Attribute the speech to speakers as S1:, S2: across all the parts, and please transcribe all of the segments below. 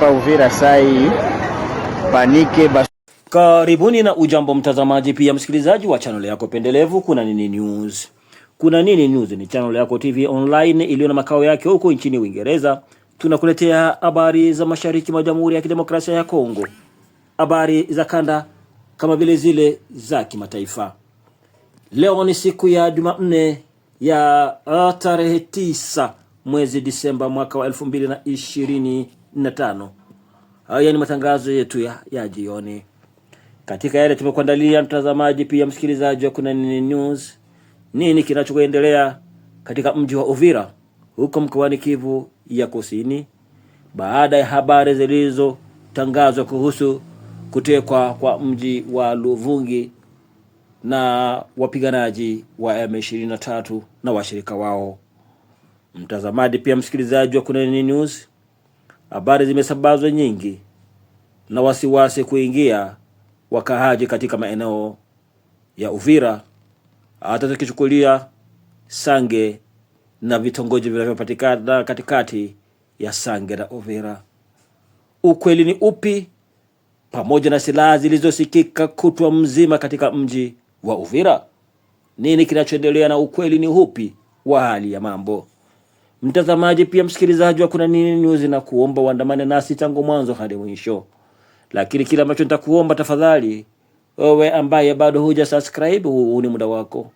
S1: hapa Uvira sai panike bas.
S2: Karibuni na ujambo mtazamaji, pia msikilizaji wa channel yako pendelevu Kuna Nini News. Kuna Nini News ni channel yako TV online iliyo na makao yake huko nchini Uingereza. Tunakuletea habari za mashariki mwa Jamhuri ya Kidemokrasia ya Kongo, habari za kanda kama vile zile za kimataifa. Leo ni siku ya Jumanne ya ah, tarehe tisa mwezi Disemba mwaka wa elfu mbili na ishirini 45. Haya ni matangazo yetu ya, ya jioni. Katika yale tumekuandalia mtazamaji, pia msikilizaji wa Kuna Nini News, nini kinachoendelea katika mji wa Uvira huko mkoani Kivu ya Kusini baada ya habari zilizotangazwa kuhusu kutekwa kwa mji wa Luvungi na wapiganaji wa M23 na washirika wao. Mtazamaji pia msikilizaji wa Kuna Nini News habari zimesambazwa nyingi na wasiwasi kuingia wakahaji katika maeneo ya Uvira, hata tukichukulia Sange na vitongoji vinavyopatikana katikati ya Sange na Uvira. Ukweli ni upi? Pamoja na silaha zilizosikika kutwa mzima katika mji wa Uvira, nini kinachoendelea na ukweli ni upi wa hali ya mambo? Mtazamaji pia msikilizaji wa Kuna Nini News, na kuomba uandamane nasi tangu mwanzo hadi mwisho, lakini kila ambacho nitakuomba tafadhali, wewe ambaye bado huja subscribe, huu ni muda wako,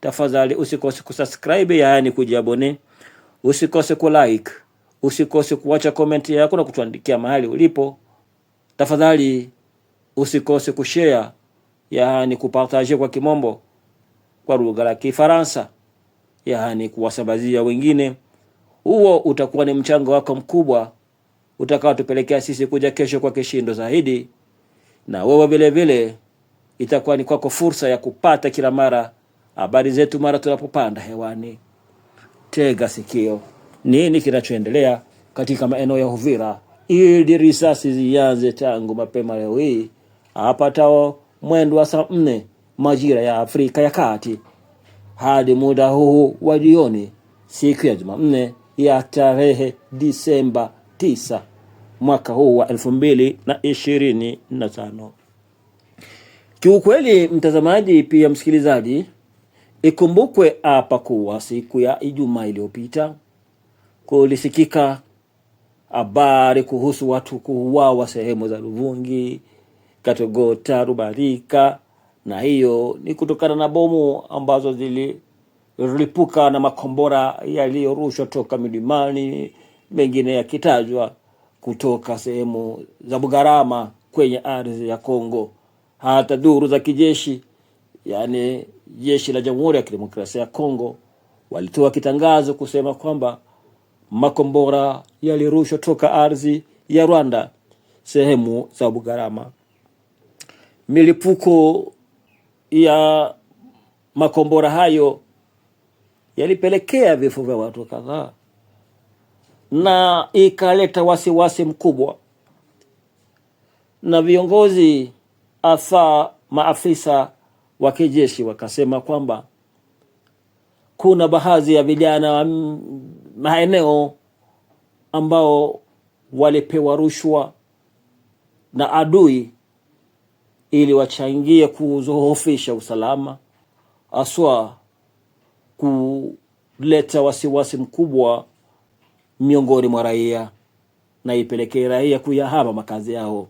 S2: tafadhali usikose kusubscribe, yaani kujiabone, usikose kulike, usikose kuacha comment yako na kutuandikia mahali ulipo. Tafadhali usikose kushare, yaani kupartage kwa kimombo, kwa lugha ya Kifaransa, yaani kuwasambazia wengine huo utakuwa ni mchango wako mkubwa utakaotupelekea sisi kuja kesho kwa kishindo zaidi, na wewe vile vile itakuwa ni kwako fursa ya kupata kila mara habari zetu mara tunapopanda hewani. Tega sikio, nini kinachoendelea katika maeneo ya Uvira ili risasi zianze tangu mapema leo hii tao mwendo wa saa nne majira ya Afrika ya Kati hadi muda huu wa jioni siku ya Jumanne ya tarehe Disemba 9 mwaka huu wa 2025. Kiukweli mtazamaji, pia msikilizaji, ikumbukwe hapa kuwa siku ya Ijumaa iliyopita kulisikika habari kuhusu watu kuuawa sehemu za Luvungi, Katogota, Rubarika, na hiyo ni kutokana na bomu ambazo zili Tulipuka na makombora yaliyorushwa toka milimani, mengine yakitajwa kutoka sehemu za Bugarama kwenye ardhi ya Kongo. Hata duru za kijeshi, yani jeshi la Jamhuri ya Kidemokrasia ya Kongo, walitoa kitangazo kusema kwamba makombora yalirushwa toka ardhi ya Rwanda sehemu za Bugarama. Milipuko ya makombora hayo yalipelekea vifo vya watu kadhaa na ikaleta wasiwasi mkubwa, na viongozi afaa maafisa wa kijeshi wakasema kwamba kuna baadhi ya vijana wa maeneo ambao walipewa rushwa na adui ili wachangie kuzohofisha usalama haswa ku leta wasiwasi mkubwa miongoni mwa raia na ipelekee raia kuyahama makazi yao.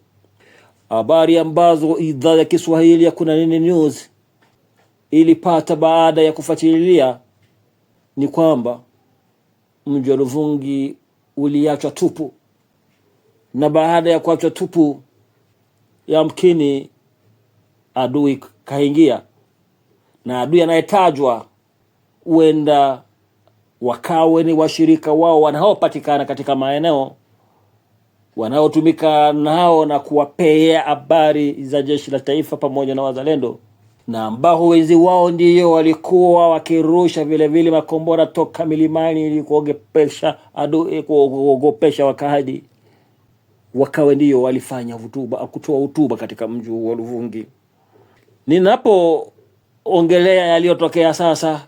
S2: Habari ambazo idhaa ya Kiswahili ya Kuna Nini News ilipata baada ya kufuatilia ni kwamba mji wa Luvungi uliachwa tupu, na baada ya kuachwa tupu, yamkini adui kaingia, na adui anayetajwa huenda wakawe ni washirika wao wanaopatikana katika maeneo wanaotumika nao na kuwapea habari za jeshi la taifa pamoja na wazalendo, na ambao wenzi wao ndiyo walikuwa wakirusha vilevile makombora toka milimani ili kuogopesha adui, kuogopesha wakahadi. Wakawe ndiyo walifanya hutuba, kutoa hutuba katika mji wa Luvungi. Ninapoongelea yaliyotokea sasa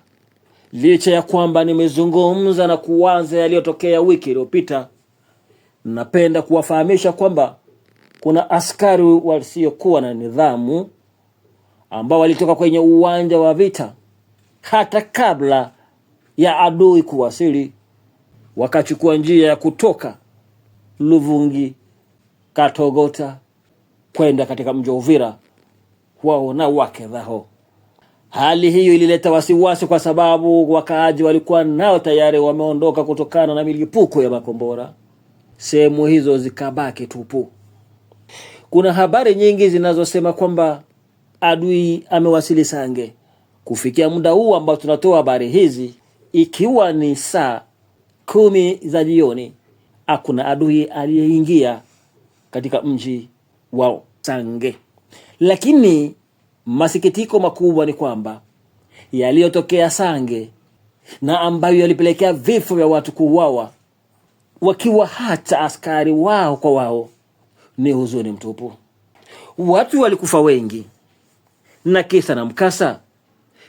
S2: licha ya kwamba nimezungumza na kuwaza yaliyotokea wiki iliyopita, napenda kuwafahamisha kwamba kuna askari wasiokuwa na nidhamu ambao walitoka kwenye uwanja wa vita hata kabla ya adui kuwasili, wakachukua njia ya kutoka Luvungi Katogota kwenda katika mji wa Uvira, wao na wake zao. Hali hiyo ilileta wasiwasi kwa sababu wakaaji walikuwa nao tayari wameondoka kutokana na milipuko ya makombora. Sehemu hizo zikabaki tupu. Kuna habari nyingi zinazosema kwamba adui amewasili Sange. Kufikia muda huu ambao tunatoa habari hizi, ikiwa ni saa kumi za jioni, hakuna adui aliyeingia katika mji wa Sange, lakini Masikitiko makubwa ni kwamba yaliyotokea Sange na ambayo yalipelekea vifo vya watu kuuawa wakiwa hata askari wao kwa wao ni huzuni mtupu. Watu walikufa wengi, na kisa na mkasa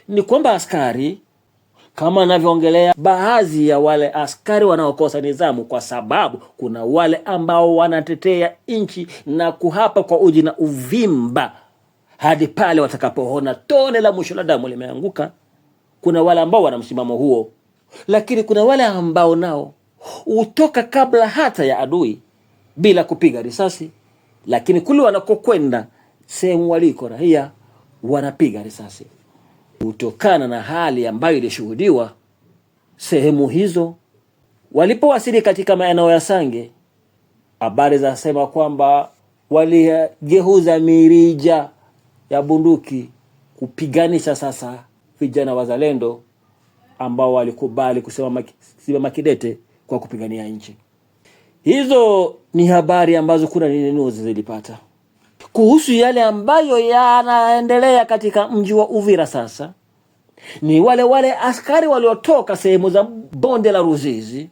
S2: ni kwamba askari, kama anavyoongelea baadhi ya wale askari wanaokosa nidhamu, kwa sababu kuna wale ambao wanatetea nchi na kuhapa kwa uji na uvimba hadi pale watakapoona tone la mwisho la damu limeanguka. Kuna wale ambao wana msimamo huo, lakini kuna wale ambao nao hutoka kabla hata ya adui bila kupiga risasi, lakini kule wanakokwenda, sehemu waliko raia, wanapiga risasi kutokana na hali ambayo ilishuhudiwa sehemu hizo walipowasili katika maeneo ya Sange. Habari zinasema kwamba waligeuza mirija ya bunduki kupiganisha sasa vijana wazalendo ambao walikubali kusimama kidete kwa kupigania nchi. Hizo ni habari ambazo Kuna Nini News zilipata kuhusu yale ambayo yanaendelea katika mji wa Uvira. Sasa ni wale wale askari waliotoka sehemu za bonde la Ruzizi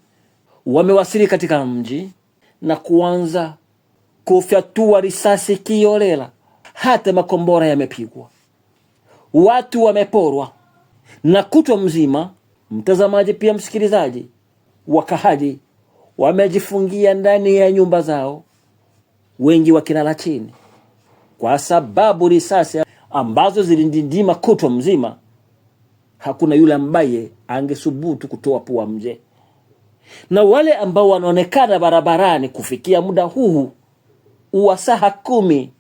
S2: wamewasili katika mji na kuanza kufyatua risasi kiolela hata makombora yamepigwa, watu wameporwa na kutwa mzima, mtazamaji pia msikilizaji, wakahaji wamejifungia ndani ya nyumba zao, wengi wakilala chini, kwa sababu risasi ambazo zilindindima kutwa mzima, hakuna yule ambaye angesubutu kutoa pua mje. Na wale ambao wanaonekana barabarani kufikia muda huu wa saa kumi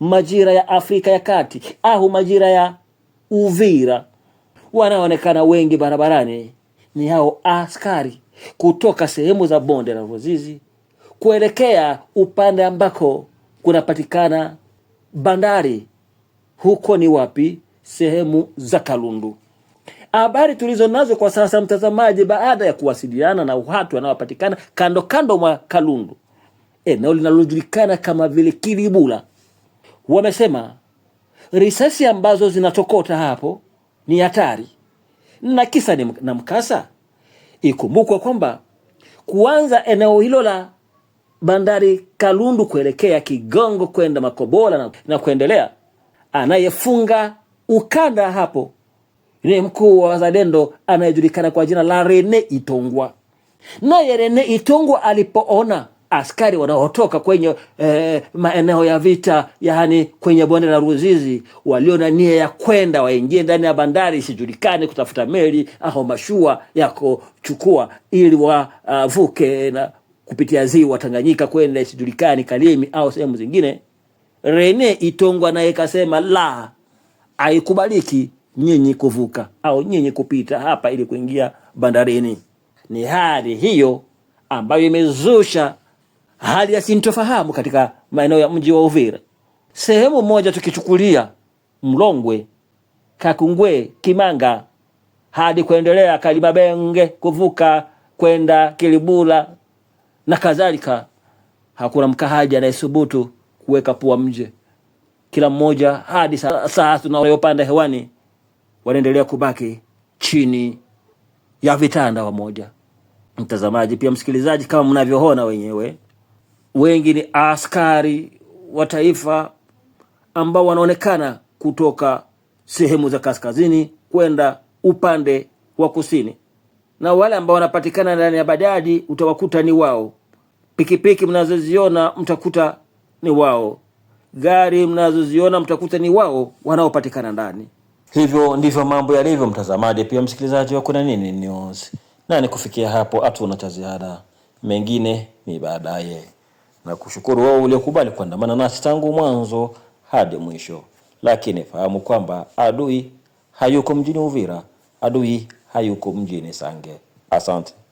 S2: majira ya Afrika ya Kati au majira ya Uvira, wanaonekana wengi barabarani ni hao askari kutoka sehemu za bonde la Ruzizi kuelekea upande ambako kunapatikana bandari. Huko ni wapi? Sehemu za Kalundu. Habari tulizo nazo kwa sasa, mtazamaji, baada ya kuwasiliana na watu wanaopatikana kando kando mwa Kalundu, eneo linalojulikana kama vile Kilibula, wamesema risasi ambazo zinatokota hapo ni hatari na kisa ni na mkasa. Ikumbukwe kwamba kuanza eneo hilo la bandari Kalundu kuelekea Kigongo kwenda Makobola na, na kuendelea, anayefunga ukanda hapo ni mkuu wa Wazalendo anayejulikana kwa jina la Rene Itongwa. Naye Rene Itongwa alipoona askari wanaotoka kwenye eh, maeneo ya vita, yaani kwenye bonde la Ruzizi, walio na nia ya kwenda waingie ndani ya bandari isijulikane kutafuta meli au mashua kuchukua ili wavuke uh, na kupitia ziwa Tanganyika kwenda isijulikani Kalimi au sehemu zingine. Rene Itongwa naye kasema la, haikubaliki nyinyi kuvuka au nyinyi kupita hapa ili kuingia bandarini. Ni hali hiyo ambayo imezusha hali ya sintofahamu katika maeneo ya mji wa Uvira. Sehemu moja tukichukulia Mlongwe, Kakungwe, Kimanga hadi kuendelea Kalimabenge, kuvuka kwenda Kilibula na kadhalika, hakuna mkahaji anayesubutu kuweka pua mje. Kila mmoja hadi saa tunayopanda hewani wanaendelea kubaki chini ya vitanda wamoja. Mtazamaji pia msikilizaji, kama mnavyoona wenyewe wengi ni askari wa taifa ambao wanaonekana kutoka sehemu za kaskazini kwenda upande wa kusini, na wale ambao wanapatikana ndani ya bajaji utawakuta ni wao. Pikipiki mnazoziona mtakuta ni wao, gari mnazoziona mtakuta ni wao wanaopatikana ndani. Hivyo ndivyo mambo yalivyo, mtazamaji pia msikilizaji wa Kuna Nini News, na ni kufikia hapo, hatuna cha ziada, mengine ni baadaye na kushukuru wewe uliokubali kuandamana nasi tangu mwanzo hadi mwisho. Lakini fahamu kwamba adui hayuko mjini Uvira, adui hayuko mjini Sange. Asante.